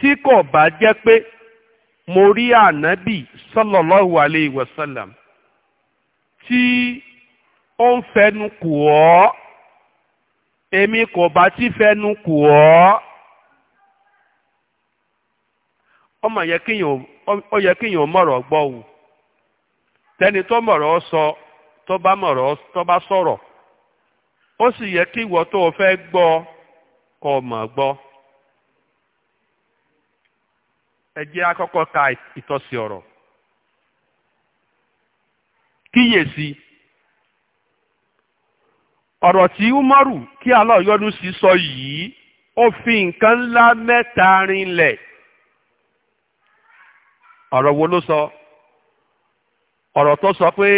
tí kò bá jẹ́ pé mo rí ànábì sallallahu alayhi wa sallam tí ó ń fẹnu kù ọ́ èmi kò bá ti fẹnu kù ọ́ ọmọ yẹ kéèyàn ó yẹ kéèyàn mọ̀rọ̀ gbọ́ o tẹni tó mọ̀rọ̀ sọ tó bá mọ̀rọ̀ tó bá sọ̀rọ̀ ó sì yẹ kí ìwọ tó o fẹ́ gbọ́ mọ̀ gbọ́. ẹ jẹ́ àkọ́kọ́ ka ìtọ́sí ọrọ kíyèsí ọrọ tí Umaru kí Allah yọ́nú sí sọ yìí ó fi nǹkan ńlá mẹ́ta rinlẹ̀ ọrọ wo ló sọ ọrọ tó sọ pé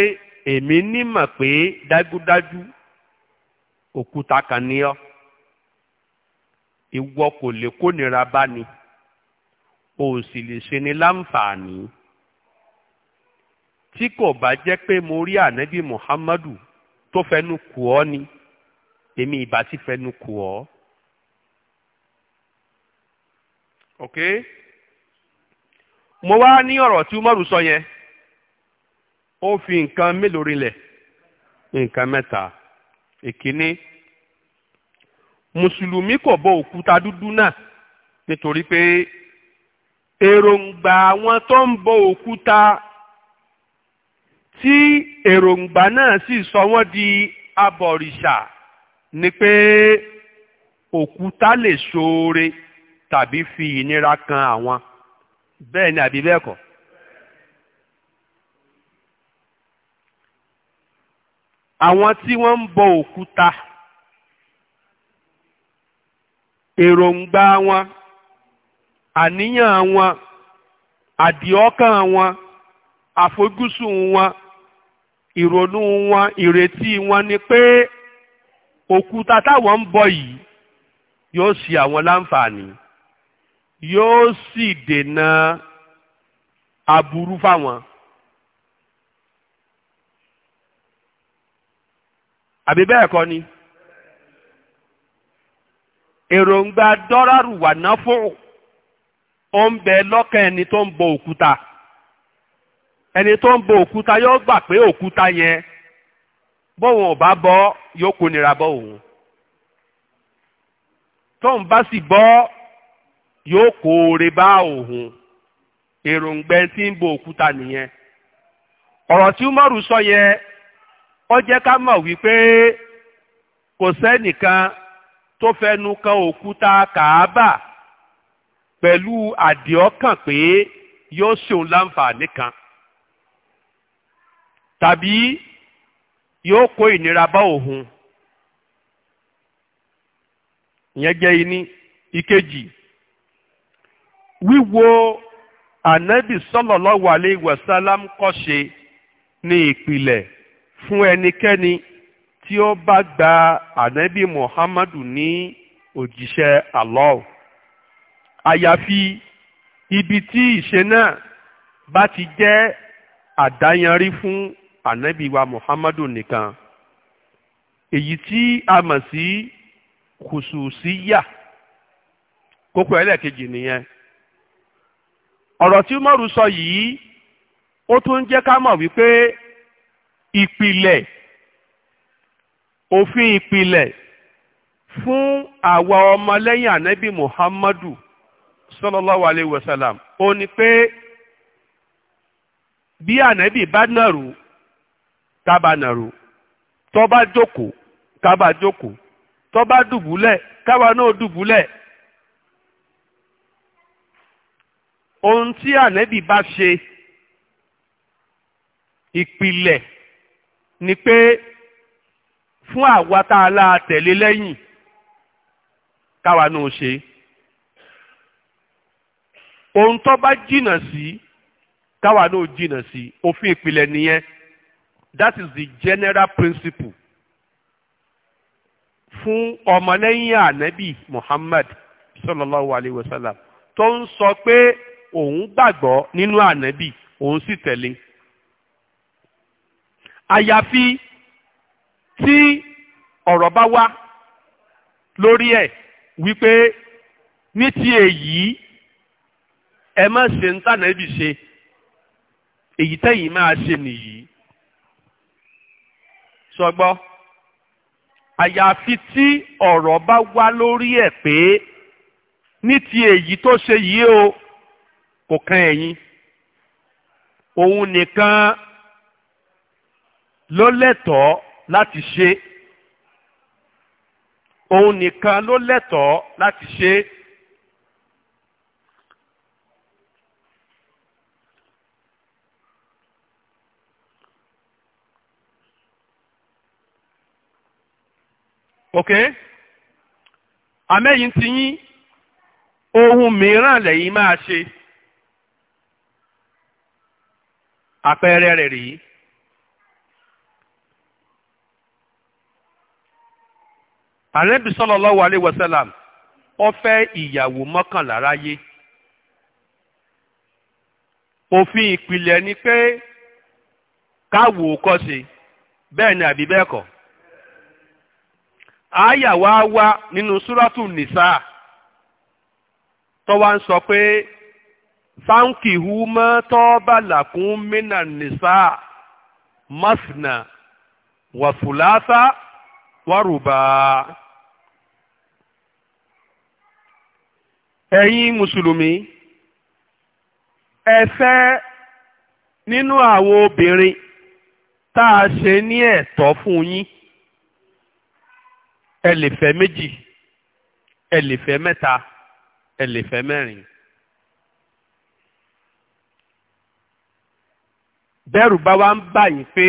èmi nímọ̀ pé dájúdájú òkúta kan ní ọ ìwọ kò lè kónira bá ni. ò sì lè ṣe ni láǹfààní tí kò bá jẹ́ pé mo rí ànábì muhammadu tó fẹnu kù ọ́ ni èmi ìbá ti fẹnu kù ọ́. ok mo wá ní ọ̀rọ̀ tí umaru sọ yẹn ó fi nǹkan mélòó rinlẹ̀ nǹkan mẹ́ta ìkíní mùsùlùmí kò bọ òkúta dúdú náà nítorí pé èròǹgbà àwọn tó ń bọ òkúta tí èròǹgbà náà sì sọ wọ́n di abọ̀rìṣà ni pé òkúta lè ṣoore tàbí fi ìnira kan àwọn bẹ́ẹ̀ ni àbí bẹ́ẹ̀ kọ́. àwọn tí wọ́n ń bọ òkúta èròǹgbà wọn àníyàn wọn àdìọ́kàn wọn àfojúsùn wọn ìrònú wọn ìrètí wọn ni pé òkúta táwọn ń bọ yìí yóò ṣe àwọn láǹfààní yóò sì dènà aburú fáwọn. àbí bẹ́ẹ̀ kọ́ ni èròǹgbà dọ́rọ̀rù wà náà fún òkú ó ń bẹ lọ́kàn ẹni tó ń bọ òkúta ẹni tó ń bọ òkúta yóò gbà pé òkúta yẹn bóun ò bá bọ́ yóò kó nira bọ́ òun tóun bá sì bọ́ yóò kó oore bá òun èròǹgbẹ tí ń bọ òkúta nìyẹn ọ̀rọ̀ tí Umaru sọ yẹn ó jẹ́ ká mọ̀ wípé kò sẹ́nìkan tó fẹnu kan òkúta kàábà pẹ̀lú àdìọ́kàn pé yóò ṣeun láǹfààní kan tàbí yóò kó ìnira bá òun ìyẹn jẹ́ iní ìkejì wíwo ànábì sallallahu alayhi wa sallam kọ́ṣe ní ìpìlẹ̀ fún ẹnikẹ́ni tí ó bá gba ànábì muhammadu ní òjíṣẹ́ Allah. àyàfi ibi tí ìṣe náà bá ti jẹ́ àdáyanrí fún ànábì muhammadu nìkan èyí tí a mọ̀ sí kùsùsíyà kókó ẹlẹ́ẹ̀kejì nìyẹn ọ̀rọ̀ tí umaru sọ yìí ó tún jẹ́ ká mọ̀ wípé ìpìlẹ̀ òfin ìpìlẹ̀ fún àwa ọmọlẹ́yìn ànábì muhammadu sallallahu alayhi wa sallam ó ní pé bí ànábì bá nàró kábà nàró tó bá jókòó kábà jókòó tó bá dùbúlẹ̀ káwa náà dùbúlẹ̀ ohun tí ànábì bá ṣe ìpìlẹ̀ ni pé fún àwa tá a la tẹ̀lé lẹ́yìn káwa náà ṣe é. ohun tó bá jìnnà sí káwa náà jìnnà sí òfin ìpìlẹ̀ nìyẹn that is the general principle fún ọmọlẹ́yìn ànábì Muhammad sallallahu alayhi wa sallam tó ń sọ pé òun gbàgbọ́ nínú ànábì òun sì tẹ̀lé àyàfi tí ọ̀rọ̀ bá wá lórí ẹ̀ wípé ní ti èyí ẹ má ṣe ń tànà ibi ṣe èyí tẹ́yìn máa ṣe nìyí sọgbọ́ àyàfi tí ọ̀rọ̀ bá wá lórí ẹ̀ pé ní ti èyí tó ṣe yìí o kò kan ẹ̀yin òun nìkan ló lẹ́tọ̀ọ́ láti ṣe òun nìkan ló lẹ́tọ̀ọ́ láti ṣe. ok àmẹ́yìn ti yín ohun mìíràn lẹ́yìn máa ṣe àpẹẹrẹ rẹ̀ rèé. àrẹ́bí sallallahu alaihi wasallam ó fẹ́ ìyàwó mọ́kànlá láyé òfin ìpìlẹ̀ ni pé káwò kọ́ sí bẹ́ẹ̀ ni àbí bẹ́ẹ̀ kọ́. àyà wa wá nínú súrọ́tù nìsá tó wá ń sọ pé fáńkìhù mọ́ tọ́ bàlàkún mínà nìsá wà wàfùlásá wàrùbá. ẹ̀yin mùsùlùmí ẹ fẹ́ nínú àwọn obìnrin tá a ṣe ní ẹ̀tọ́ fún yín. ẹ lè fẹ́ méjì ẹ lè fẹ́ mẹ́ta ẹ lè fẹ́ mẹ́rin. bẹ́rù bá wa ń bà yín pé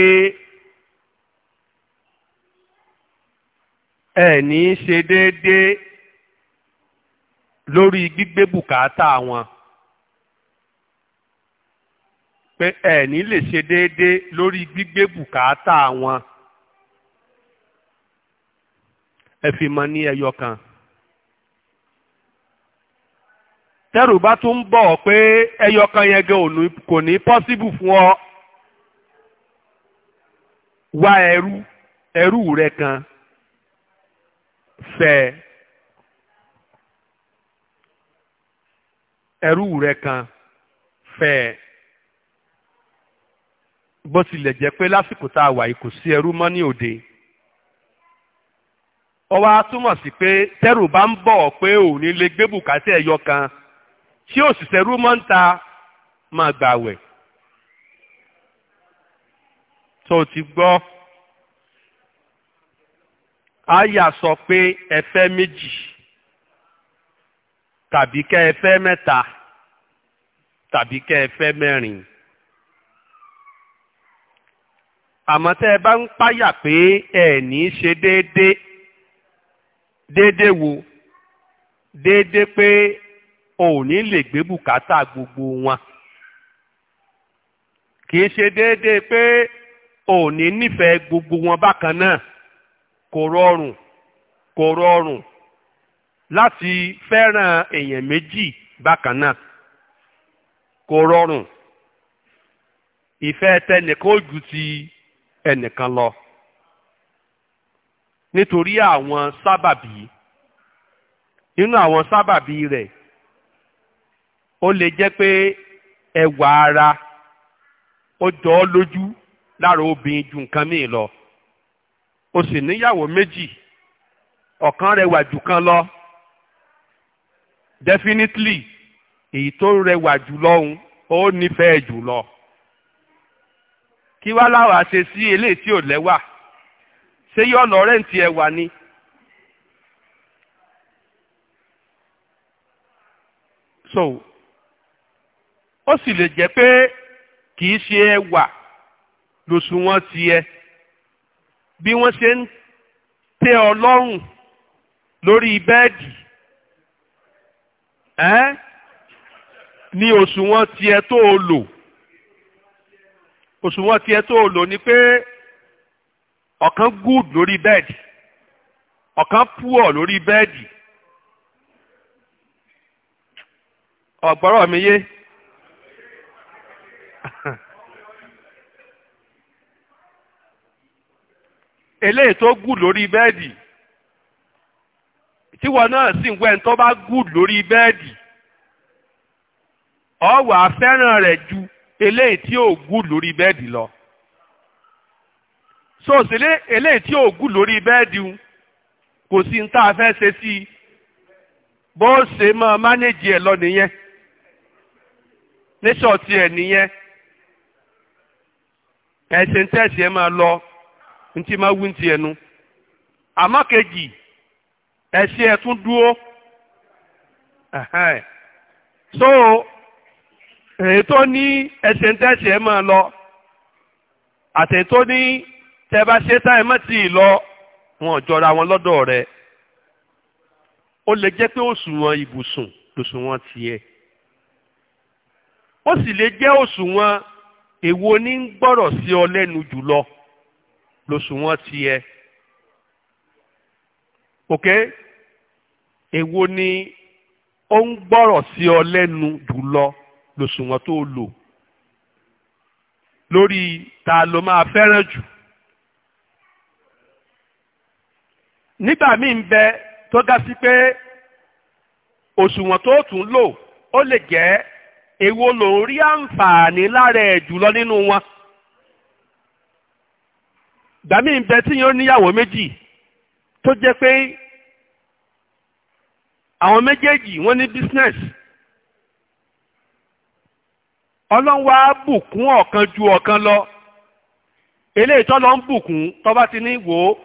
ẹ ní í ṣe déédéé lórí gbígbé bùkátà wọn pé ẹ ní lè ṣe déédéé lórí gbígbé bùkátà wọn. ẹ fi mọ ní ẹyọ kan. tẹ́rù bá tún bọ̀ pé ẹyọ kan yẹn gan kò ní pọ́síbù fún ọ wá ẹrú ẹrú rẹ kan fẹ́ ẹrú rẹ kan fẹ́ bó tilẹ̀ jẹ́ pé lásìkò tá a wà yìí kò sí ẹrú mọ́ ní òde. ó wá túmọ̀ sí pé tẹ́rù bá ń bọ̀ pé òun ní lè gbé bùkátà ẹ̀yọ kan tí òṣìṣẹ́ rú mọ́ ń ta máa gbàwẹ̀ tó o ti gbọ́ àyà sọ pé ẹ méjì tàbí kẹ́ ẹ mẹ́ta tàbí kẹ́ ẹ mẹ́rin. àmọ́ tẹ́ ẹ bá ń páyà pé ẹ ní í ṣe déédéé déédéé wo déédéé pé o ò ní lè gbé bùkátà gbogbo wọn kìí ṣe déédéé pé o ò ní nífẹ̀ẹ́ gbogbo wọn bákan náà kò rọrùn kò rọrùn láti fẹ́ràn èèyàn méjì bákan náà kò rọrùn ìfẹ́ tẹnìkan ó ti ẹnìkan lọ nítorí àwọn sábàbí nínú àwọn sábàbí rẹ̀ ó lè jẹ́ pé ẹwà ara ó jọ ọ́ lójú lára obìnrin ju nǹkan míì lọ o sì níyàwó méjì ọ̀kan rẹwà jù kan lọ definitely èyí tó rẹwà jù lọ òun ó nífẹ̀ẹ́ jù lọ kí wá láwa ṣe sí eléyìí tí ò lẹ́wà ṣé yọ lọ rẹ́ǹtì ẹ̀ ni. so ó sì lè jẹ́ pé kì í ṣe ẹwà lòṣùwọ̀n tiẹ̀ bí wọ́n ṣe ń tẹ́ ọ lọ́rùn lórí bẹ́ẹ̀dì ẹ́ ní òṣùwọ̀n tiẹ̀ tó o lò òṣùwọ̀n tiẹ̀ tó o lò ni pé ọ̀kan good lórí bẹ́ẹ̀dì ọ̀kan poor lórí bẹ́ẹ̀dì ọ̀gbọ́rọ̀ mi yé eléyìí tó good lórí bẹ́ẹ̀dì tíwọ náà sì ń wẹ́n tó bá good lórí bẹ́ẹ̀dì ọ̀wà fẹ́ràn rẹ̀ ju eléyìí tí ò good lórí bẹ́ẹ̀dì lọ. sóòsì eléyìí tí ò gùn lórí bẹ́ẹ̀dì kò sí ní tá a fẹ́ ṣe sí i bó ṣe máa mánéjì ẹ̀ lọ nìyẹn níṣọ̀ tiẹ̀ nìyẹn ẹ̀sìn tẹ̀sí ẹ̀ máa lọ ntí máa wú ntí ẹnu àmọ́ kejì ẹ̀sìn ẹ̀ tún dúró so èyí tó ní ẹ̀sìn tẹ̀sí ẹ̀ máa lọ àtẹ̀tó ní tẹ́ bá ṣe tá ẹ má tì í lọ wọn jọra wọn lọ́dọ̀ rẹ ó lè jẹ́ pé òṣùwọ̀n ibùsùn lòṣùwọ̀n tiẹ̀ ó sì lè jẹ́ òṣùwọ̀n èwo ní ń gbọ́rọ̀ sí ọ lẹ́nu jùlọ lòṣùwọ̀n tiẹ̀ ok èwo ni ó ń gbọ́rọ̀ sí ọ lẹ́nu jùlọ lòṣùwọ̀n tó lò lórí ta ló máa fẹ́ràn jù. nígbà míì ń bẹ tó ga sí pé òṣùwọ̀n tó tún lò ó lè jẹ́ èwo ló ń rí àǹfààní lára ẹ̀ jùlọ nínú wọn. ìgbà míì ń bẹ tí yẹn níyàwó méjì tó jẹ́ pé àwọn méjèèjì wọ́n ní business ọlọ́run wá bùkún ọ̀kan ju ọ̀kan lọ eléyìí tọ́lọ́ ń bùkún tọ́ba ti ní wò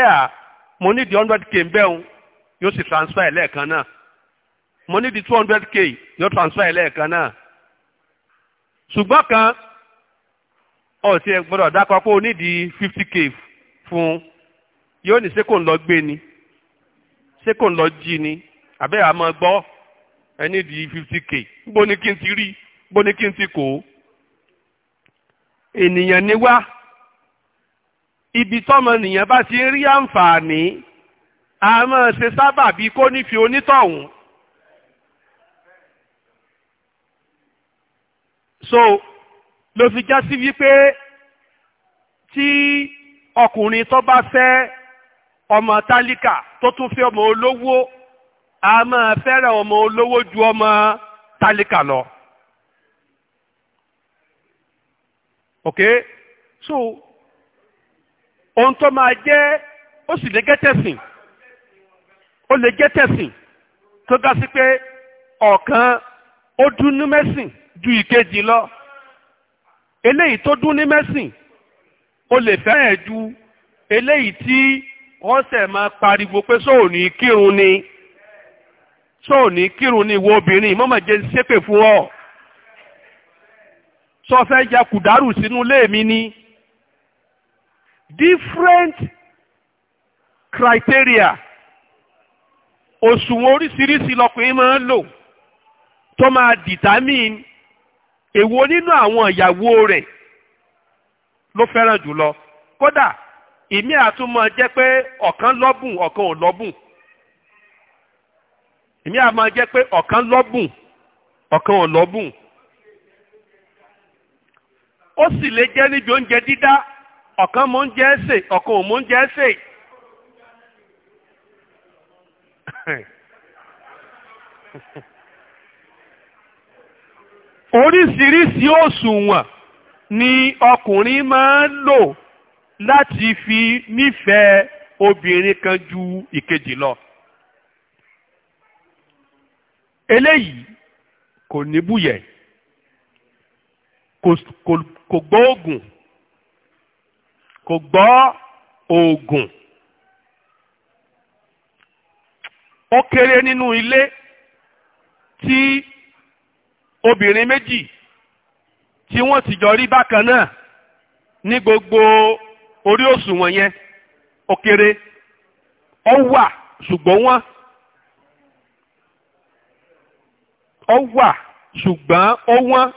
ó mo ní di hundred k bẹ́ẹ̀ o yóò sì transfer ẹ̀ lẹ́ẹ̀kan náà mo ní di two hundred k yóò transfer ẹ̀ lẹ́ẹ̀kan náà ṣùgbọ́n kan ọ̀tí ẹ gbọ́dọ̀ dákọ̀ pé o ní di fifty k fún yóò ní ṣé kò ń lọ gbé ni ṣé kò ń lọ jí ni àbẹ́ àmọ́ gbọ́ ẹ ní di fifty k bó ni kí n ti rí bó kí n ti kò ènìyàn ni wá ibi tọ́mọ nìyẹn bá ti ń rí àǹfààní a máa ṣe sábà bíi kó nífi onítọ̀hún. so ló fi já sí wípé tí ọkùnrin tó bá fẹ́ ọmọ tálíkà tó tún fẹ́ ọmọ olówó a máa fẹ́ràn ọmọ olówó ju ọmọ tálíkà lọ. okay so ohun tó máa jẹ́ ó sì lè jẹ́ tẹ̀sìn ó lè jẹ́ tẹ̀sìn tó ga sí pé ọ̀kan ó dún ní mẹ́sìn ju ìkejì lọ eléyìí tó dún ní mẹ́sìn ó lè fẹ́rẹ̀ ju eléyìí tí wọ́n sẹ̀ máa pariwo pé sóòní kírun ni sóòní kírun ni ìwọ obìnrin mọ́mọ́ jẹ́ ṣépè fún ọ sọ fẹ́ yakùdárù sínú ilé mi ni. So, different criteria òṣùwọ̀n oríṣiríṣi lọkùnrin máa ń lò tó máa determine èwo nínú àwọn ìyàwó rẹ̀ ló fẹ́ràn jùlọ kódà ìmí àtúmọ̀ jẹ́ pé ọ̀kan lọ́bùn ọ̀kan ò lọ́bùn ìmí àmọ́ jẹ́ pé ọ̀kan lọ́bùn ọ̀kan ò lọ́bùn ó sì lè jẹ́ níbi oúnjẹ dídá ọ̀kan mò ń jẹ́ ẹ̀sẹ̀ ọ̀kan ò mò ń jẹ́ ẹ̀sẹ̀. oríṣiríṣi òṣùwọ̀n ni ọkùnrin máa ń lò láti fi nífẹ̀ẹ́ obìnrin kan ju ìkejì lọ. eléyìí kò ní kò gbóògùn kò gbọ́ oògùn ó kéré nínú ilé tí obìnrin méjì tí wọ́n ti jọ rí bákan náà ní gbogbo orí òṣùwọ̀n yẹn ó kéré ó wà ṣùgbọ́n wọ́n ó wà ṣùgbọ́n ó wọ́n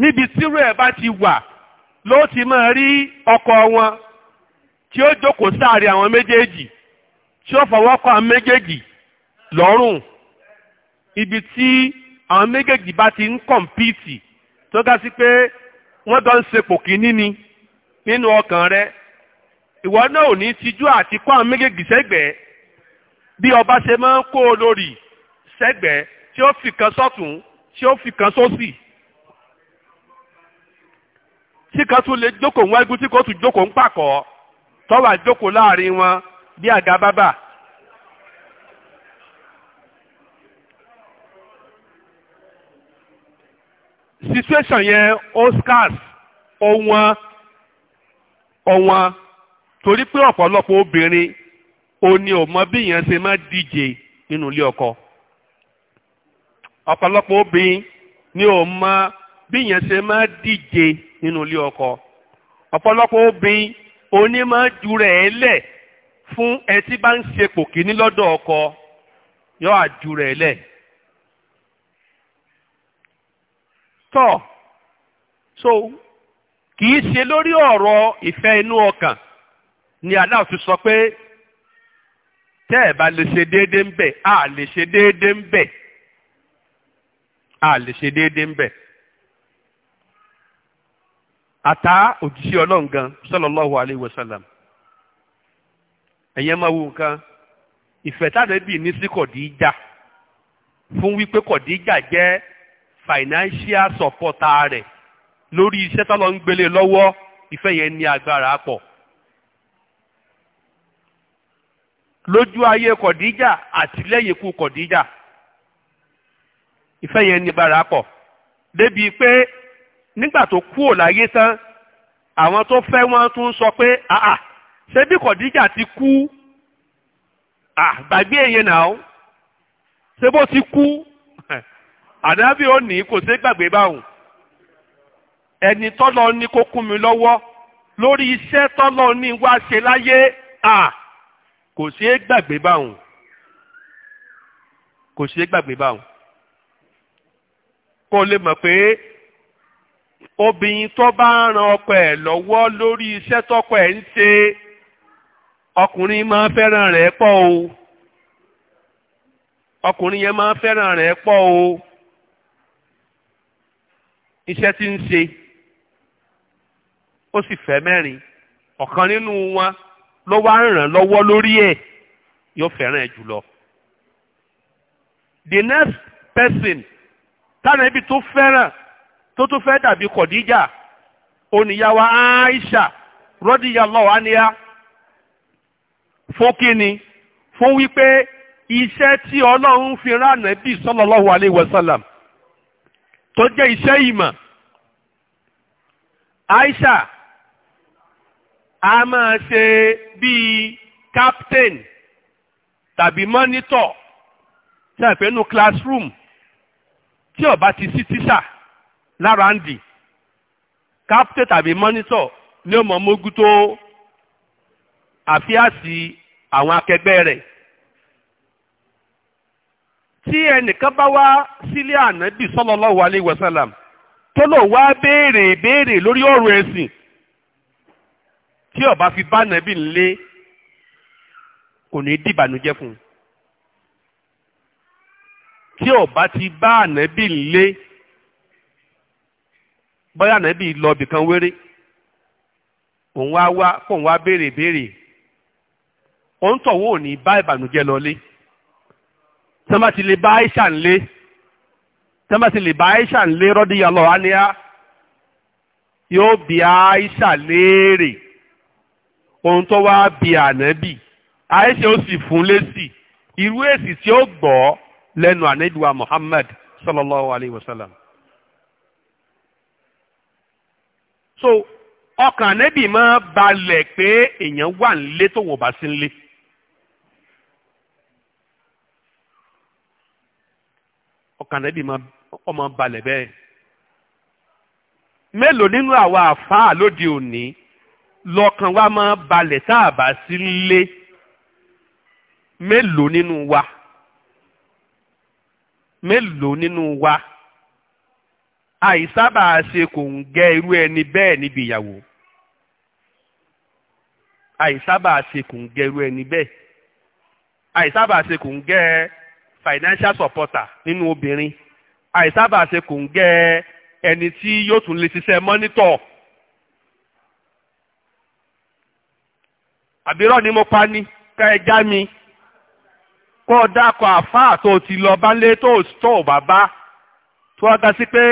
níbi tírú ẹ̀ bá ti wà ló ti máa rí ọkọ wọn tí ó jókòó sáàrin àwọn méjèèjì tí ó fọwọ́ kọ àwọn méjèèjì lọ́rùn ibi tí àwọn méjèèjì bá ti ń kọ̀m̀pìtì tó ga sí pé wọ́n dán sepò kínní ni nínú ọkàn rẹ ìwọ náà ò ní tijú àti kó àwọn méjèèjì sẹ́gbẹ̀ẹ́ bí ọba ṣe máa ń kó o lórí sẹ́gbẹ̀ẹ́ tí ó fi kan sọ́tún tí ó fi kan sósì. So si tí kan tún lè jókòó ń wájú tí kò tún jókòó ń pàkọ́ tọ́wà jókòó láàrin wọn bí àga bábà. situation yẹn oscars ọ̀wọ́n ọ̀wọ́n torí pé ọ̀pọ̀lọpọ̀ obìnrin ò ní ò mọ bí yẹn ṣe máa díje nínú ilé ọkọ ọ̀pọ̀lọpọ̀ obìnrin ni ò mọ bí yẹn ṣe máa díje nínú ilé ọkọ ọ̀pọ̀lọpọ̀ obìnrin onímọ̀ ju rẹ̀ lẹ̀ fún ẹni tí bá ń sepò kíní lọ́dọ̀ ọkọ yọ àjù rẹ̀ lẹ̀. tọ́ so kì í ṣe lórí ọ̀rọ̀ ìfẹ́ inú ọkàn ni Allah fi sọ pé tẹ́ ẹ̀ bá lè ṣe déédéé ń bẹ̀ a lè ṣe déédéé ń bẹ̀ a lè ṣe déédéé ń bẹ̀. Ata òjíṣẹ́ ọlọ́run gan sallallahu alayhi wa sallam ẹ̀yẹ́ máa wo nǹkan ìfẹ́ ní sí Khadija fún wípé Khadija jẹ́ financial supporter rẹ̀ lórí iṣẹ́ tọ́lọ ń gbélé lọ́wọ́ ìfẹ́ yẹn ní agbára pọ̀. lójú ayé Khadija àti lẹ́yìn ikú Khadija ìfẹ́ yẹn ní agbára pọ̀ débi pé nígbà tó kúò láyé tán àwọn tó fẹ́ wọn tún sọ pé àà ṣé bí kọ̀díjà ti kú àgbàgbé èyẹ náà ṣé bó ti kú ànábì ò ní kò ṣe gbàgbé báwọn ẹni tọ́lọ ní kó kún mi lọ́wọ́ lórí iṣẹ́ tọ́lọ ní wá ṣe láyé à kò ṣe gbàgbé báwọn kò ṣe gbàgbé báwọn kó lè mọ̀ pé obìnrin tó bá ran ọkọ ẹ̀ lọ́wọ́ lórí iṣẹ́ tọkọ ẹ̀ ń ṣe ọkùnrin máa fẹ́ràn rẹ̀ pọ̀ o ọkùnrin yẹn máa fẹ́ràn rẹ̀ pọ̀ o iṣẹ́ ti ń ṣe ó sì fẹ́ mẹ́rin ọ̀kan nínú wọn ló wá ń ràn lọ́wọ́ lórí ẹ̀ yóò fẹ́ràn ẹ̀ jùlọ. the next person tánàbí tó fẹ́ràn tó tún fẹ́ dàbí kọ̀díjà oníyàwó Aisha radiyallahu anha fún kíni fún wípé iṣẹ́ tí ọlọ́run fi rán Ànábì sallallahu alayhi wa sallam tó jẹ́ iṣẹ́ ìmọ̀ Aisha a máa ṣe bíi captain tàbí monitor tí a pè nu classroom tí ó bá ti sí tíṣà. Si lára ń dì kápítẹ̀ tàbí mọ́nítọ̀ ní ọmọ mógú tó àfíàsì àwọn akẹgbẹ́ rẹ̀ tí ẹnìkan bá wá sílé ànábì sallallahu alaihi wasallam tó lòun wá béèrè béèrè lórí ọ̀rọ̀ ẹ̀sìn tí ó bá fi bá nàbì ńlé kò ní dìbànújẹ́ fún un tí ó ti bá ànábì ńlé. bóyá nàbí lọ ibìkan wéré òun wá wá kóun wá béèrè béèrè òun tọ̀wọ́ ò bá ìbànújẹ́ Aisha ńlé tí lè bá Aisha ńlé rọ́díyà lọ áníá yóò bi Aisha léèrè tó wá Aisha ó sì fún si irú èsì tí ó gbọ́ lẹ́nu sallallahu alayhi wa so ọkàn ànẹ́bì máa balẹ̀ pé èèyàn wà nílé tó wọ́n bá sí nílé. ọkàn ànẹ́bì ọmọ balẹ̀ bẹ́ẹ̀. mélòó nínú àwa àfáà lóde òní lọ́kàn wa máa balẹ̀ tá a bá sí nílé mélòó nínú wa mélòó nínú wa àìsábà ṣe kò ń gẹ́ irú ẹni bẹ́ẹ̀ níbi ìyàwó àìsábà ṣe kò ń gẹ́ irú ẹni bẹ́ẹ̀ àìsábà ṣe kò ń gẹ́ financial supporter nínú obìnrin àìsábà ṣe kò ń gẹ́ ẹni tí yóò tún lè ṣiṣẹ́ mọ́nítọ̀ àbírọ̀ ni mo pa ni ká ẹ já mi kó o dákọ̀ àfáà tó ti lọ bá lé tó o tó o bàbá tó o dá sí pé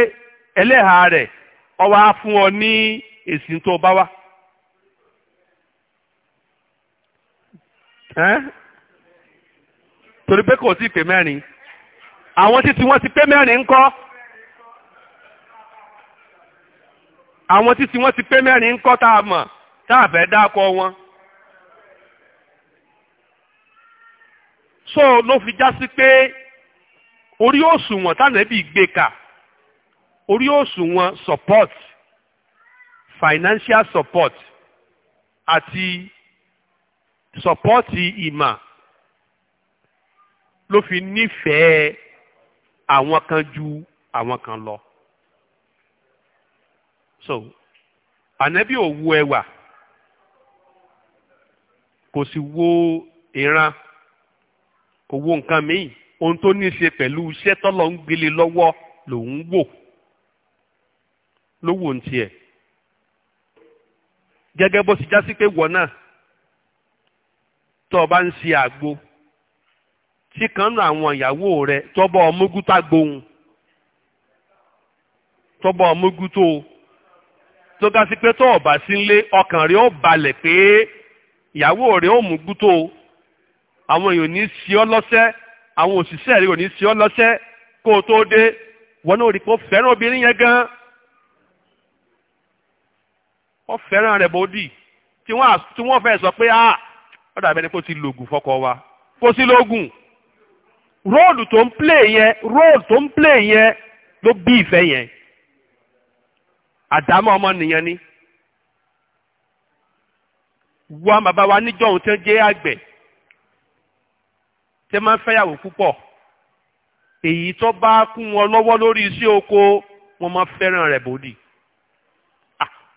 ẹlẹ́hàá rẹ̀ ọ wá fún ọ ní èsì tó bá wá. torí pé kò tíì pé mẹ́rin àwọn títí wọ́n ti pé mẹ́rin ńkọ́ àwọn títí wọ́n ti pé mẹ́rin ńkọ́ tá a mọ̀ tá a fẹ́ wọn. so ló fi já sí pé orí òṣùwọ̀n tánàbí gbé ka. orí òṣùwọ̀n support financial support àti support ìmọ̀ ló fi nífẹ̀ẹ́ àwọn kan ju àwọn kan lọ. so ànábì ò wo ẹwà kò sì wo ìran kò wo nǹkan míì ohun tó ní í ṣe pẹ̀lú iṣẹ́ tọ́lọ́ ń gbélé lọ́wọ́ lòun wò. ló ntị ní tiẹ̀ gẹ́gẹ́ bó ti já pé wọ̀ náà tó bá ń ṣe àgbo tí kan nù àwọn ìyàwó rẹ tọ́bọ̀ ọmúgútà gbohun tọ́bọ̀ ọmúgútó tó ga pé tó o bá sí nílé ọkàn rẹ ó balẹ̀ pé ìyàwó rẹ ó àwọn èèyàn ní wọn náà rí i gan wọ́n fẹ́ràn rẹ̀ bódì tí wọ́n fẹ́ sọ pé ah ó dàbẹ́ ni kó ti lògùn fọkọ wa kó sí lógùn róòlù tó ń plé yẹn róòlù tó ń plé yẹn ló bí ìfẹ́ yẹn àdámọ́ ọmọ nìyẹn ni wọ́n bàbá wa níjọ́ òun tí wọ́n jẹ́ àgbẹ̀ tí wọ́n máa ń púpọ̀ èyí tó bá kún wọn lọ́wọ́ lórí iṣẹ́ oko wọ́n máa fẹ́ràn rẹ̀ bòdì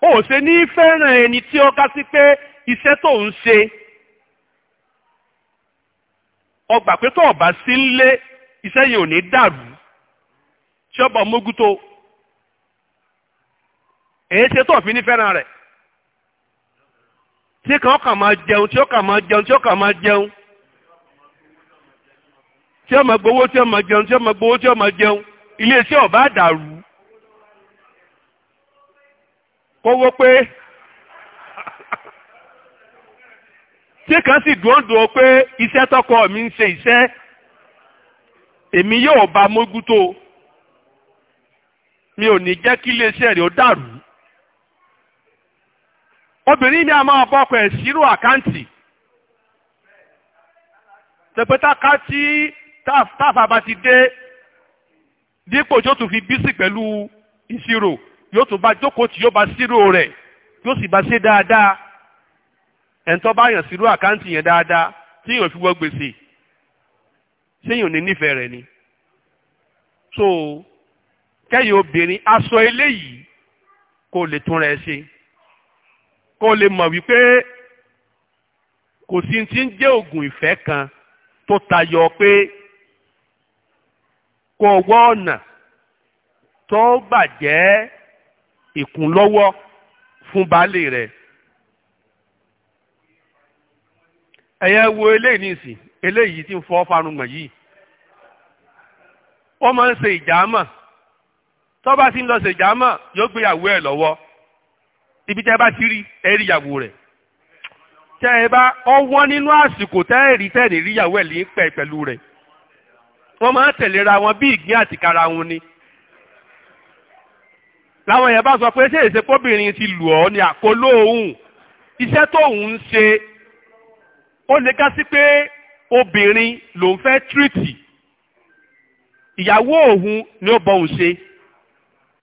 o ò ṣe ní fẹ́ràn ẹni tí ó ká sí pé iṣẹ́ tó ń ṣe ọgbà pé tó ọba sí ń lé iṣẹ́ yìí ò ní dàrú tí ọba mógútó èyí ṣe tó òfin ní fẹ́ràn rẹ̀ tí kan kàn máa jẹun tí ó kàn máa jẹun tí ó kàn máa jẹun tí ó máa gbowó tí ó máa jẹun tí ó máa gbowó tí ó máa jẹun ilé iṣẹ́ ọba dàrú kó wó pé tí kan sì dúndùn pé iṣẹ́ tọkọ mi ń ṣe iṣẹ́ èmi yóò bá mójútó mi ò ní jẹ́ kí iléeṣẹ́ rẹ̀ ó dàrú obìnrin ni a máa bọ́ ọkọ ẹ̀ sírò àkáǹtì tẹpẹtàkà tí táàfà bá ti dé dípò tó tún fi bísí pẹ̀lú ìṣirò yóò tún bá jókòó tí yóò bá sírò rẹ̀ yóò sì bá ṣe dáadáa ẹ̀ńtọ́ bá yàn sírò àkáǹtì yẹn dáadáa tí yóò fi wọ gbèsè ṣéyìn ò ní nífẹ̀ẹ́ rẹ̀ ni. so kẹ́yìn obìnrin aṣọ eléyìí kó lè tún rẹ̀ ṣe kó lè mọ̀ wípé kò sí ti ń jẹ́ oògùn ìfẹ́ kan tó tayọ pé kó wọ́ ọ̀nà tó bàjẹ́ ìkúnlọ́wọ́ fún baálé rẹ̀. ẹ̀yẹ wo eléyìí nìsín eléyìí tí ń fọ́ farunmọ̀ yìí ó máa ń ṣe ìjàmọ̀ tó bá ti ń lọ ṣe ìjàmọ̀ yóò gbéyàwó ẹ̀ lọ́wọ́ ibi tẹ́ bá ti rí ẹ rí ìyàwó rẹ̀ tẹ́ ẹ bá ọwọ́ nínú àsìkò tẹ́ ẹ rí tẹ́ ẹ rí ìyàwó ẹ̀ lè pẹ́ pẹ̀lú rẹ̀ wọ́n máa ń tẹ̀léra wọn bí ìgbín àtìkára wọn ni làwọn èèyàn bá sọ pé ṣé èsè kóbìnrin ti lù ọ́ ni àkóló òun iṣẹ́ tóun ń ṣe ó lè ká sí pé obìnrin lòun fẹ́ tírìtì ìyàwó òun ni ó bọ̀ òun ṣe.